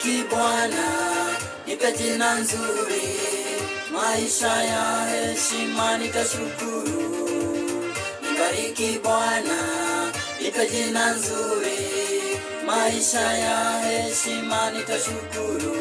Bariki Bwana, nipe jina nzuri, maisha ya heshima nitashukuru. Nibariki Bwana, nipe jina nzuri, maisha ya heshima nitashukuru.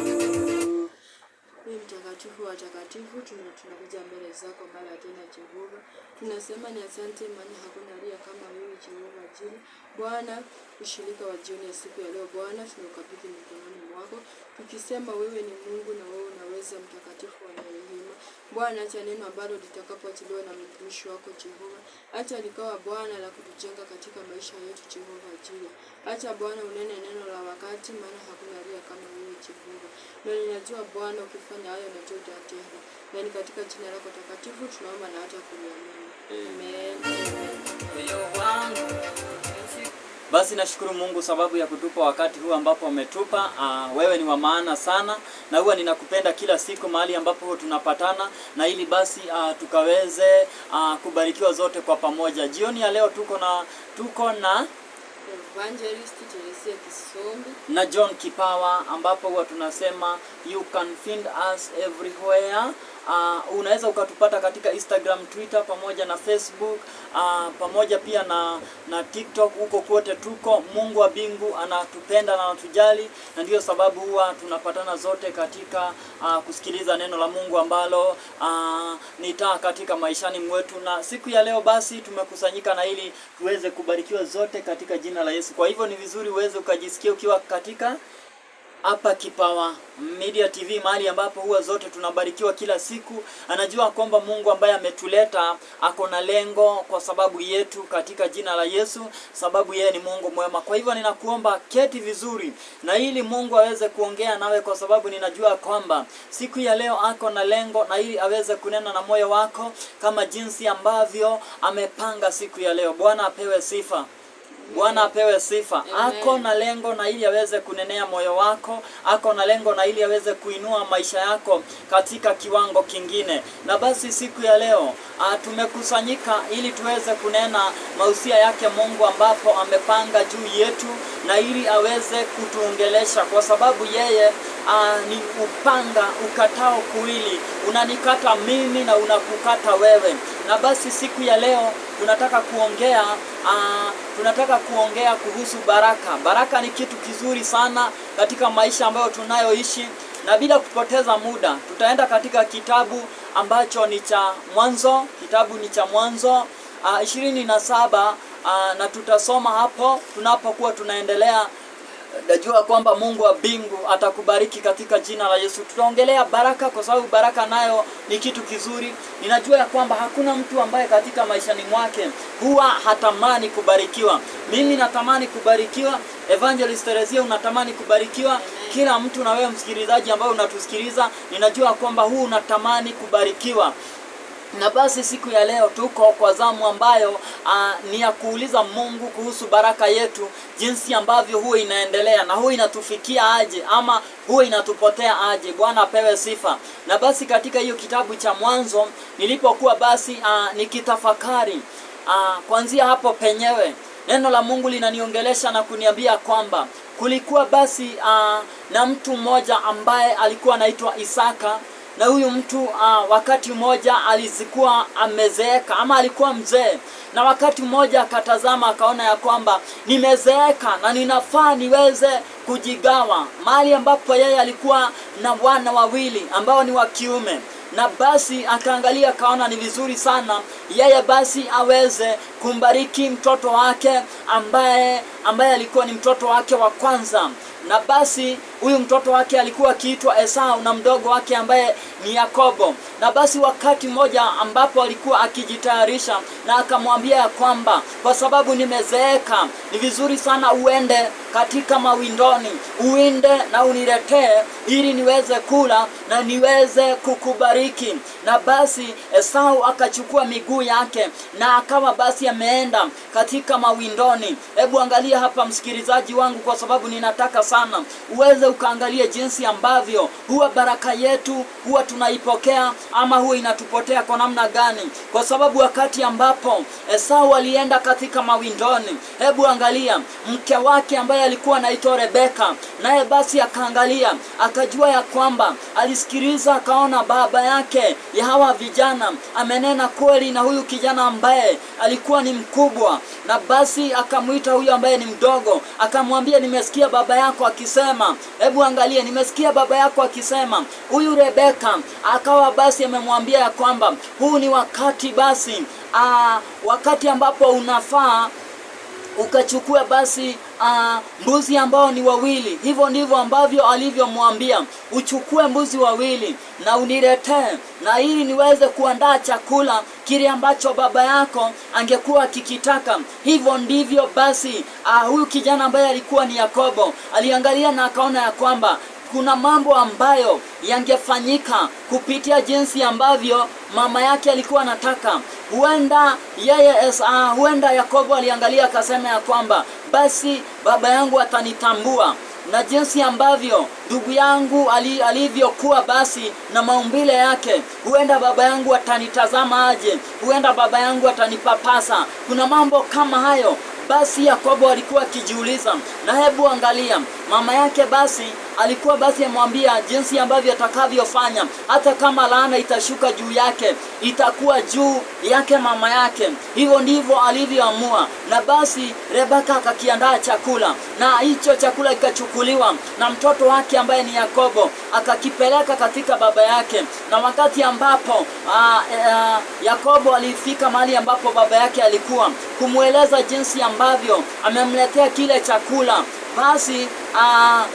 mtakatifu wa takatifu, tunakuja mbele zako mara tena Jehova, tunasema ni asante, maana hakuna aliye kama wewe Jehova jili Bwana. Ushirika wa jioni ya siku ya leo Bwana, tunaukabidhi mikononi wako, tukisema wewe ni Mungu na wewe unaweza, mtakatifu wa rehema. Bwana, acha neno ambalo litakapoachiliwa na mtumishi wako Jehova, acha likawa Bwana la kutujenga katika maisha yetu Jehova ajili. Acha Bwana unene neno la wakati, maana hakuna aliye kama wewe Jehova, na ninajua Bwana ukifanya hayo tuta tena na ni katika jina lako takatifu tunaomba na hata Amen. Amen. Amen. Basi nashukuru Mungu sababu ya kutupa wakati huu ambapo ametupa. Ah, wewe ni wa maana sana, na huwa ninakupenda kila siku mahali ambapo tunapatana, na ili basi ah, tukaweze ah, kubarikiwa zote kwa pamoja. Jioni ya leo tuko na tuko na Evangelist na John Kipawa ambapo huwa tunasema you can find us everywhere Uh, unaweza ukatupata katika Instagram, Twitter pamoja na Facebook uh, pamoja pia na na TikTok. Huko kote tuko. Mungu wa bingu anatupenda na anatujali, na ndiyo sababu huwa tunapatana zote katika uh, kusikiliza neno la Mungu ambalo uh, ni taa katika maishani mwetu. Na siku ya leo basi tumekusanyika na ili tuweze kubarikiwa zote katika jina la Yesu. Kwa hivyo ni vizuri uweze ukajisikia ukiwa katika hapa Kipawa Media TV, mahali ambapo huwa zote tunabarikiwa kila siku. Anajua kwamba Mungu ambaye ametuleta ako na lengo kwa sababu yetu, katika jina la Yesu, sababu yeye ni Mungu mwema. Kwa hivyo ninakuomba keti vizuri, na ili Mungu aweze kuongea nawe, kwa sababu ninajua kwamba siku ya leo ako na lengo, na ili aweze kunena na moyo wako kama jinsi ambavyo amepanga siku ya leo. Bwana apewe sifa. Bwana apewe sifa. Ako na lengo na ili aweze kunenea moyo wako, ako na lengo na ili aweze kuinua maisha yako katika kiwango kingine. Na basi siku ya leo ah, tumekusanyika ili tuweze kunena mausia yake Mungu ambapo amepanga juu yetu na ili aweze kutuongelesha kwa sababu yeye Ah, ni upanga ukatao kuwili, unanikata mimi na unakukata wewe. Na basi siku ya leo tunataka kuongea aa, ah, tunataka kuongea kuhusu baraka. Baraka ni kitu kizuri sana katika maisha ambayo tunayoishi, na bila kupoteza muda tutaenda katika kitabu ambacho ni cha Mwanzo. Kitabu ni cha Mwanzo ah, ishirini na saba na tutasoma hapo tunapokuwa tunaendelea najua kwamba Mungu wa mbingu atakubariki katika jina la Yesu. Tutaongelea baraka kwa sababu baraka nayo ni kitu kizuri. Ninajua ya kwamba hakuna mtu ambaye katika maishani mwake huwa hatamani kubarikiwa. Mimi natamani kubarikiwa, Evangelist Teresia unatamani kubarikiwa, kila mtu na wewe msikilizaji ambaye unatusikiliza, ninajua kwamba huu unatamani kubarikiwa. Na basi siku ya leo tuko kwa zamu ambayo a, ah, ni ya kuuliza Mungu kuhusu baraka yetu, jinsi ambavyo huwa inaendelea na huwa inatufikia aje ama huwa inatupotea aje. Bwana apewe sifa. Na basi katika hiyo kitabu cha Mwanzo nilipokuwa basi a, ah, nikitafakari ah, kuanzia hapo penyewe, neno la Mungu linaniongelesha na kuniambia kwamba kulikuwa basi a, na mtu mmoja ambaye alikuwa anaitwa Isaka na huyu mtu uh, wakati mmoja alizikuwa amezeeka ama alikuwa mzee, na wakati mmoja akatazama akaona ya kwamba nimezeeka na ninafaa niweze kujigawa mali, ambapo yeye alikuwa na wana wawili ambao ni wa kiume na basi akaangalia akaona ni vizuri sana yeye basi aweze kumbariki mtoto wake ambaye ambaye alikuwa ni mtoto wake wa kwanza na basi huyu mtoto wake alikuwa akiitwa Esau na mdogo wake ambaye ni Yakobo. Na basi wakati mmoja ambapo alikuwa akijitayarisha, na akamwambia ya kwamba kwa sababu nimezeeka, ni vizuri sana uende katika mawindoni uinde na uniletee, ili niweze kula na niweze kukubariki. Na basi Esau akachukua miguu yake na akawa basi ameenda katika mawindoni. Hebu angalia hapa msikilizaji wangu, kwa sababu ninataka sana uweze ukaangalia jinsi ambavyo huwa baraka yetu huwa tunaipokea ama huwa inatupotea kwa namna gani, kwa sababu wakati ambapo Esau alienda katika mawindoni, hebu angalia mke wake ambaye alikuwa anaitwa Rebeka, naye basi akaangalia akajua ya kwamba alisikiliza, akaona baba yake ya hawa vijana amenena kweli na huyu kijana ambaye alikuwa ni mkubwa, na basi akamwita huyu ambaye ni mdogo, akamwambia nimesikia baba yako akisema. Hebu angalia, nimesikia baba yako akisema. Huyu Rebeka akawa basi amemwambia ya kwamba huu ni wakati basi, aa, ah, wakati ambapo unafaa ukachukue basi uh, mbuzi ambao ni wawili. Hivyo ndivyo ambavyo alivyomwambia, uchukue mbuzi wawili na uniletee, na ili niweze kuandaa chakula kile ambacho baba yako angekuwa akikitaka. Hivyo ndivyo basi, uh, huyu kijana ambaye alikuwa ni Yakobo aliangalia na akaona ya kwamba kuna mambo ambayo yangefanyika kupitia jinsi ambavyo mama yake alikuwa anataka. Huenda yeye SA, ah, huenda Yakobo aliangalia akasema ya kwamba basi baba yangu atanitambua na jinsi ambavyo ndugu yangu ali, alivyokuwa basi na maumbile yake, huenda baba yangu atanitazama aje, huenda baba yangu atanipapasa. Kuna mambo kama hayo basi Yakobo alikuwa akijiuliza, na hebu angalia mama yake basi alikuwa basi amwambia jinsi ambavyo atakavyofanya, hata kama laana itashuka juu yake, itakuwa juu yake mama yake. Hivyo ndivyo alivyoamua, na basi Rebeka akakiandaa chakula, na hicho chakula kikachukuliwa na mtoto wake ambaye ni Yakobo, akakipeleka katika baba yake. Na wakati ambapo a, ah, a, eh, Yakobo alifika mahali ambapo baba yake alikuwa kumweleza jinsi ambavyo amemletea kile chakula, basi a, ah,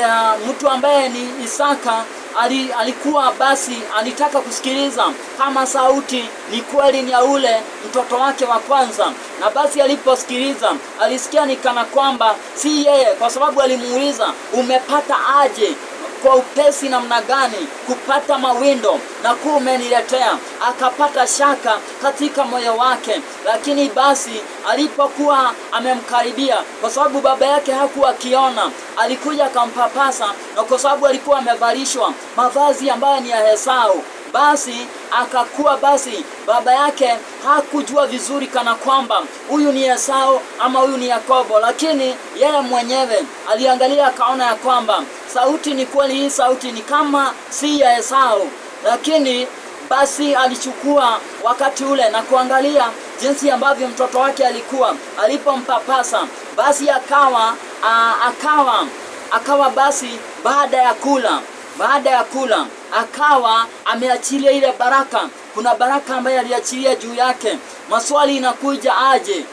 ya mtu ambaye ni Isaka ali, alikuwa basi alitaka kusikiliza kama sauti ni kweli ni ya ule mtoto wake wa kwanza, na basi aliposikiliza alisikia ni kana kwamba si yeye, kwa sababu alimuuliza umepata aje kwa upesi namna gani kupata mawindo na kuwa umeniletea. Akapata shaka katika moyo wake, lakini basi alipokuwa amemkaribia, kwa sababu baba yake hakuwa akiona, alikuja akampapasa, na kwa sababu alikuwa amevalishwa mavazi ambayo ni ya Esau basi akakuwa basi baba yake hakujua vizuri kana kwamba huyu ni Esau ama huyu ni Yakobo, lakini yeye mwenyewe aliangalia akaona ya kwamba sauti ni kweli, hii sauti ni kama si ya Esau, lakini basi alichukua wakati ule na kuangalia jinsi ambavyo mtoto wake alikuwa alipompapasa, basi akawa a, akawa akawa basi baada ya kula baada ya kula akawa ameachilia ile baraka. Kuna baraka ambayo aliachilia juu yake. Maswali inakuja aje?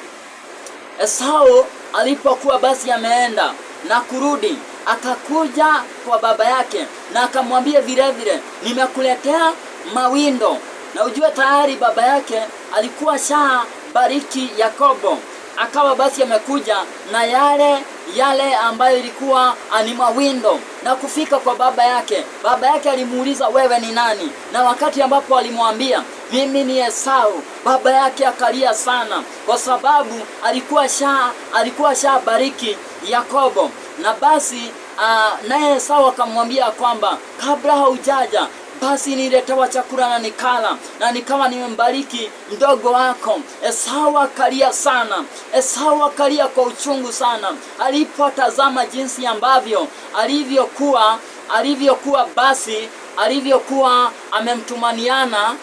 Esau alipokuwa basi ameenda na kurudi, akakuja kwa baba yake na akamwambia vile vile, nimekuletea mawindo. Na ujue tayari baba yake alikuwa shaa bariki Yakobo, akawa basi amekuja na yale yale ambayo ilikuwa ni mawindo na kufika kwa baba yake. Baba yake alimuuliza wewe ni nani? Na wakati ambapo alimwambia mimi ni Esau, baba yake akalia sana, kwa sababu alikuwa sha alikuwa bariki Yakobo, na basi ah, naye Esau akamwambia kwamba kabla haujaja basi niletewa chakula na nikala, na nikawa nimembariki mdogo wako Esau. Akalia sana, Esau akalia kwa uchungu sana alipotazama jinsi ambavyo alivyokuwa alivyokuwa basi alivyokuwa amemtumaniana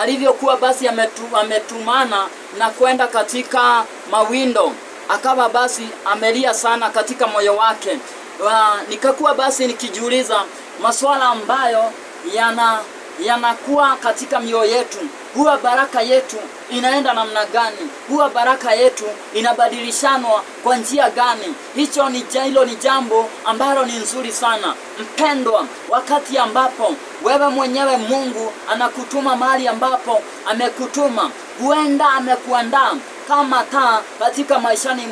alivyokuwa basi ametu, ametumana na kwenda katika mawindo, akawa basi amelia sana katika moyo wake. Ah, nikakuwa basi nikijiuliza masuala ambayo yana yanakuwa katika mioyo yetu, huwa baraka yetu inaenda namna gani? Huwa baraka yetu inabadilishanwa kwa njia gani? Hicho ni hilo ni jambo ambalo ni nzuri sana mpendwa, wakati ambapo wewe mwenyewe Mungu anakutuma mahali ambapo amekutuma, huenda amekuandaa kama taa katika maishani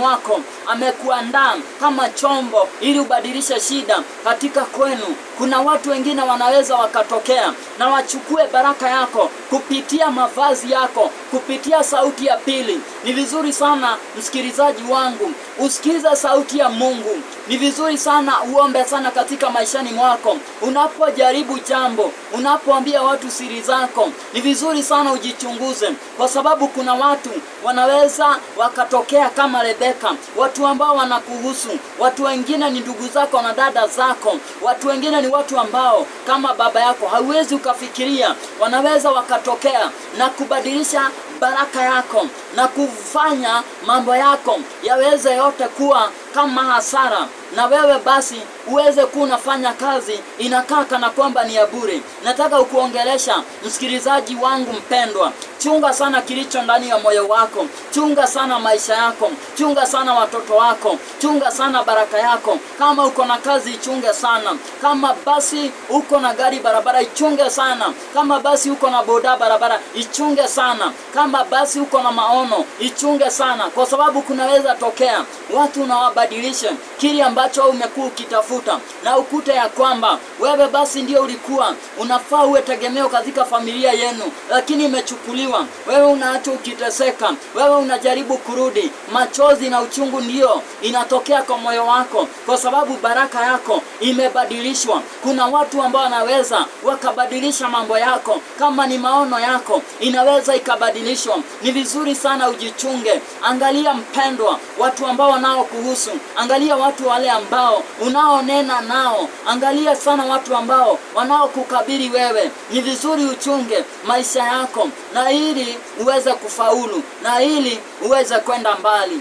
mwako. Amekuandaa kama chombo ili ubadilishe shida katika kwenu. Kuna watu wengine wanaweza wakatokea na wachukue baraka yako kupitia mavazi yako, kupitia sauti ya pili. Ni vizuri sana msikilizaji wangu usikize sauti ya Mungu. Ni vizuri sana uombe sana katika maishani mwako, unapojaribu jambo, unapoambia watu siri zako, ni vizuri sana ujichunguze, kwa sababu kuna watu wanaweza wakatokea kama Rebeka, watu ambao wanakuhusu, watu wengine ni ndugu zako na dada zako, watu wengine ni watu ambao kama baba yako hauwezi ukafikiria, wanaweza wakatokea na kubadilisha baraka yako na kufanya mambo yako yaweze yote kuwa kama hasara, na wewe basi uweze kuwa unafanya kazi inakaa kana kwamba ni ya bure. Nataka ukuongelesha msikilizaji wangu mpendwa, chunga sana kilicho ndani ya moyo wako, chunga sana maisha yako, chunga sana watoto wako, chunga sana baraka yako. Kama uko na kazi ichunge sana, kama basi uko na gari barabara ichunge sana, kama basi uko na boda barabara ichunge sana, kama basi uko na maono ichunge sana, kwa sababu kunaweza tokea watu na kubadilishe kile ambacho umekuwa ukitafuta, na ukute ya kwamba wewe basi ndio ulikuwa unafaa uwe tegemeo katika familia yenu, lakini imechukuliwa. Wewe unaachwa ukiteseka, wewe unajaribu kurudi, machozi na uchungu ndio inatokea kwa moyo wako, kwa sababu baraka yako imebadilishwa. Kuna watu ambao wanaweza wakabadilisha mambo yako, kama ni maono yako inaweza ikabadilishwa. Ni vizuri sana ujichunge. Angalia mpendwa, watu ambao wanaokuhusu Yesu, angalia watu wale ambao unaonena nao, angalia sana watu ambao wanaokukabili wewe. Ni vizuri uchunge maisha yako, na ili uweze kufaulu, na ili uweze kwenda mbali.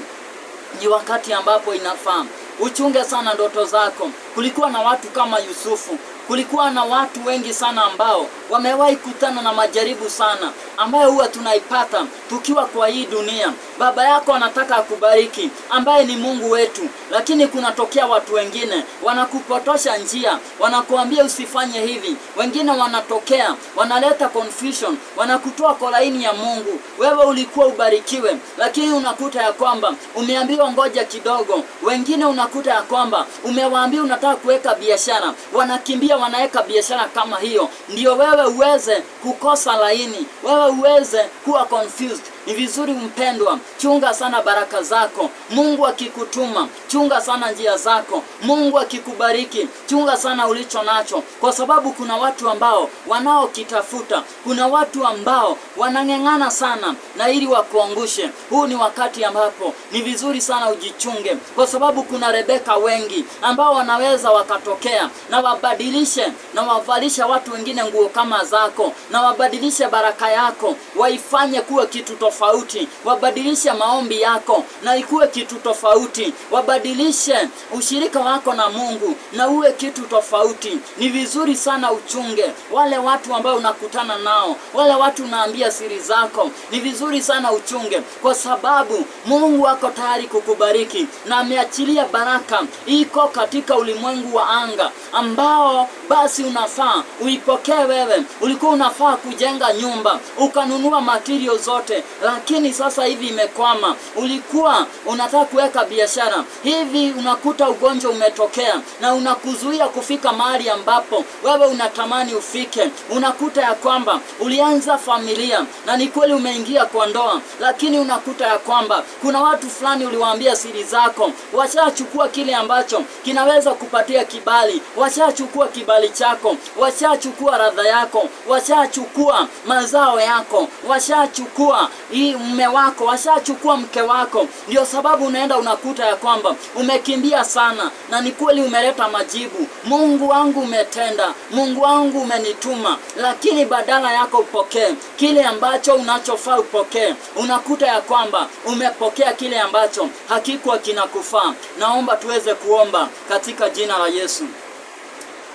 Ni wakati ambapo inafaa uchunge sana ndoto zako. Kulikuwa na watu kama Yusufu Kulikuwa na watu wengi sana ambao wamewahi kutana na majaribu sana ambayo huwa tunaipata tukiwa kwa hii dunia. Baba yako anataka akubariki, ambaye ni Mungu wetu, lakini kunatokea watu wengine wanakupotosha njia, wanakuambia usifanye hivi. Wengine wanatokea wanaleta confusion, wanakutoa kwa laini ya Mungu. Wewe ulikuwa ubarikiwe, lakini unakuta ya kwamba umeambiwa ngoja kidogo. Wengine unakuta ya kwamba umewaambia unataka kuweka biashara, wanakimbia wanaweka biashara kama hiyo, ndio wewe uweze kukosa laini, wewe uweze kuwa confused ni vizuri mpendwa, chunga sana baraka zako. Mungu akikutuma, chunga sana njia zako. Mungu akikubariki, chunga sana ulicho nacho, kwa sababu kuna watu ambao wanaokitafuta, kuna watu ambao wanang'eng'ana sana na ili wakuangushe. Huu ni wakati ambapo ni vizuri sana ujichunge, kwa sababu kuna Rebeka wengi ambao wanaweza wakatokea na wabadilishe na wavalisha watu wengine nguo kama zako, na wabadilishe baraka yako, waifanye kuwa kitu tofauti, wabadilishe maombi yako na ikuwe kitu tofauti, wabadilishe ushirika wako na Mungu na uwe kitu tofauti. Ni vizuri sana uchunge wale watu ambao unakutana nao, wale watu unaambia siri zako, ni vizuri sana uchunge, kwa sababu Mungu ako tayari kukubariki na ameachilia baraka iko katika ulimwengu wa anga ambao basi unafaa uipokee wewe. Ulikuwa unafaa kujenga nyumba ukanunua materials zote lakini sasa hivi imekwama. Ulikuwa unataka kuweka biashara hivi, unakuta ugonjwa umetokea na unakuzuia kufika mahali ambapo wewe unatamani ufike. Unakuta ya kwamba ulianza familia na ni kweli umeingia kwa ndoa, lakini unakuta ya kwamba kuna watu fulani uliwaambia siri zako, washachukua kile ambacho kinaweza kupatia kibali, washachukua kibali chako, washachukua radha yako, washachukua mazao yako, washachukua hii mme wako, washachukua mke wako. Ndio sababu unaenda unakuta ya kwamba umekimbia sana, na ni kweli umeleta majibu. Mungu wangu umetenda, Mungu wangu umenituma, lakini badala yako upokee kile ambacho unachofaa upokee, unakuta ya kwamba umepokea kile ambacho hakikuwa kinakufaa. Naomba tuweze kuomba katika jina la Yesu.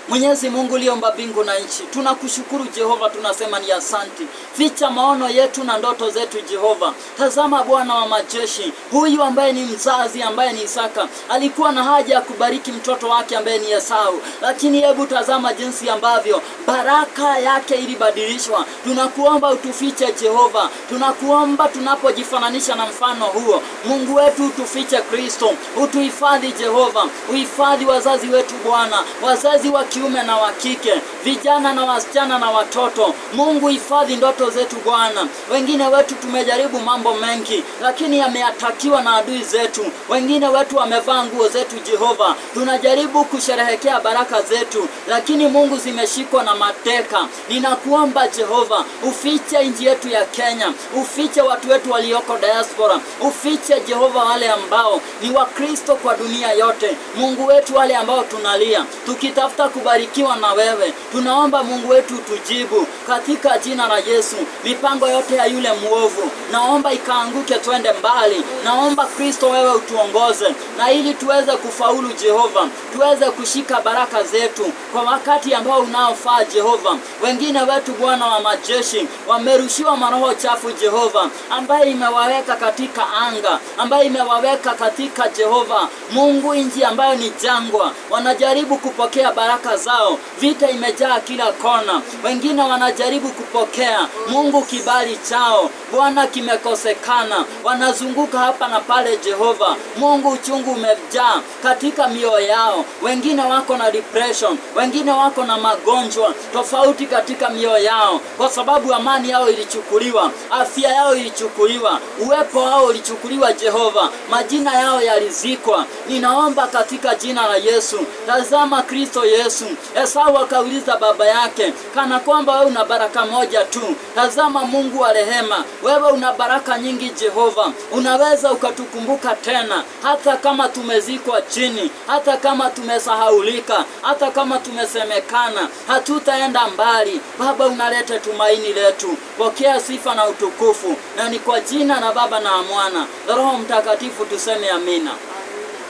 Mwenyezi Mungu uliomba mbingu na nchi, tunakushukuru Jehova, tunasema ni asanti. Ficha maono yetu na ndoto zetu Jehova. Tazama Bwana wa majeshi, huyu ambaye ni mzazi ambaye ni Isaka alikuwa na haja ya kubariki mtoto wake ambaye ni Esau, lakini hebu tazama jinsi ambavyo baraka yake ilibadilishwa. Tunakuomba utufiche Jehova, tunakuomba tunapojifananisha na mfano huo, Mungu wetu utufiche Kristo, utuhifadhi Jehova, uhifadhi wazazi wetu Bwana, wazazi wa kiume na wa kike vijana na wasichana na watoto. Mungu, hifadhi ndoto zetu Bwana. Wengine wetu tumejaribu mambo mengi, lakini yameatakiwa na adui zetu. Wengine wetu wamevaa nguo zetu, Jehova. Tunajaribu kusherehekea baraka zetu, lakini Mungu, zimeshikwa na mateka. Ninakuomba Jehova, ufiche nchi yetu ya Kenya, ufiche watu wetu walioko diaspora, ufiche Jehova wale ambao ni Wakristo kwa dunia yote. Mungu wetu, wale ambao tunalia tukitafuta kubarikiwa na wewe Tunaomba Mungu wetu tujibu katika jina la Yesu. Mipango yote ya yule mwovu naomba ikaanguke, twende mbali. Naomba Kristo, wewe utuongoze na ili tuweze kufaulu Jehova, tuweze kushika baraka zetu kwa wakati ambao unaofaa Jehova. Wengine wetu Bwana wa majeshi wamerushiwa maroho chafu Jehova, ambaye imewaweka katika anga, ambayo imewaweka katika Jehova Mungu, nji ambayo ni jangwa, wanajaribu kupokea baraka zao. Vita imeja yamejaa kila kona. Wengine wanajaribu kupokea Mungu kibali chao, Bwana kimekosekana. Wanazunguka hapa na pale, Jehova Mungu, uchungu umejaa katika mioyo yao. Wengine wako na depression, wengine wako na magonjwa tofauti katika mioyo yao, kwa sababu amani yao ilichukuliwa, afya yao ilichukuliwa, uwepo wao ulichukuliwa. Jehova, majina yao yalizikwa. Ninaomba katika jina la Yesu. Tazama Kristo Yesu, Esau akauliza za baba yake, kana kwamba wewe una baraka moja tu. Tazama, Mungu wa rehema, wewe una baraka nyingi. Jehova, unaweza ukatukumbuka tena, hata kama tumezikwa chini, hata kama tumesahaulika, hata kama tumesemekana, hatutaenda mbali. Baba, unaleta tumaini letu. Pokea sifa na utukufu, na ni kwa jina na Baba na Mwana Roho Mtakatifu tuseme amina.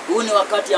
Huu ni wakati